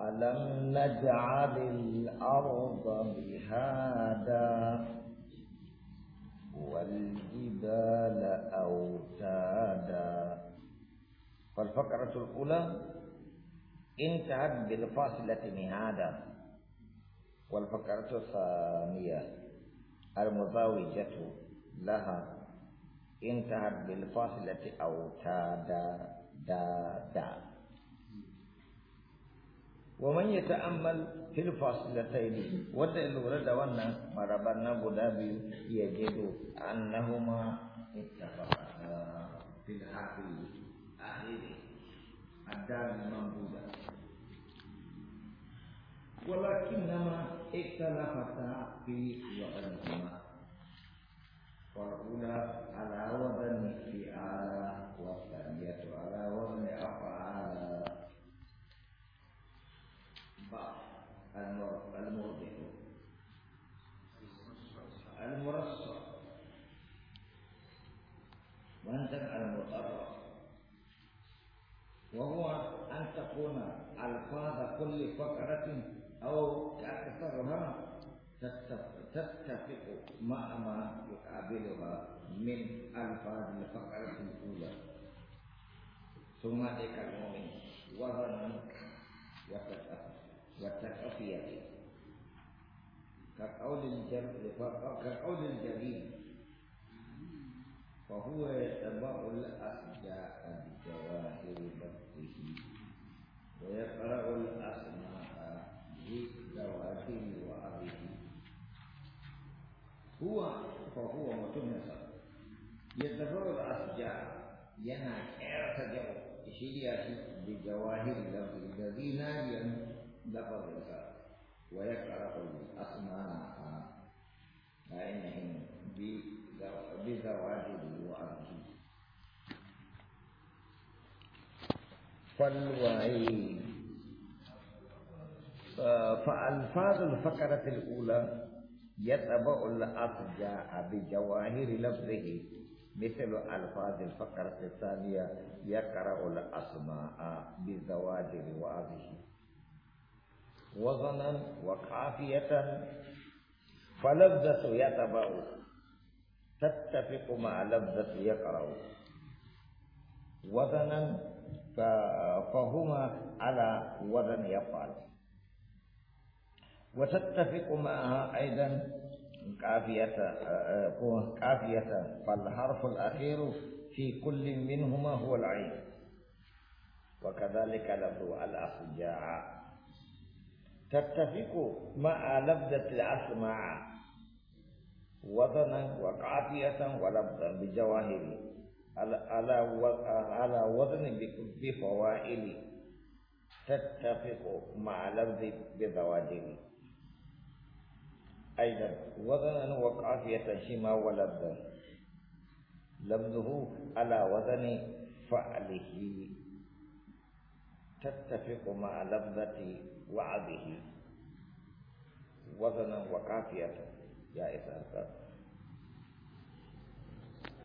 ألم نجعل الأرض بهادا والجبال أوتادا فالفقرة الأولى انتهت بالفاصلة مهادا والفقرة الثانية المزاوجة لها انتهت بالفاصلة أوتادا دا دا, دا wa man yata'ammal fil faslataini wa ta'allura dawanna marabanna budabi yajidu annahuma ittafaqa fil haqi akhiri ada imam buda walakin nama ikhtalafata fi wa'an jama'a Wa'una ala wadhan بعض الموضع المرصع وانتبع المقرب وهو أن تكون ألفاظ كل فقرة أو أكثرها تتفق مع ما يقابلها من ألفاظ الفقرة الأولى ثم ذكر المؤمن والتكافية كقول الجر كقول الجرير فهو يتبع الأصداء بجواهر بطه ويقرأ الأسماء بالدواتر وأبه هو فهو متنسى يتبع الأصداء ينا كيرت جو شيء بجواهر الذي الذين ينفع لفظك ويفعل قولي أصنامها فألفاظ الفقرة الأولى يتبع الأرجاء بجواهر لفظه مثل ألفاظ الفقرة الثانية يقرأ الأسماء بزواجه وعظه وزنا وقافية فلذة يتبع تتفق مع لذة يقرأ وزنا فهما على وزن يفعل وتتفق معها أيضا كافية كافية فالحرف الأخير في كل منهما هو العين وكذلك لفظ جاء تتفق مع لفظة الأصل وزنا وقافية ولفظا بجواهري على وزن بفوائلي تتفق مع لفظ بزواجري أيضا وزنا وقافية شما ولفظا لفظه على وزن فعله تتفق مع لفظة وعده وزنا وقافية يا إسحاق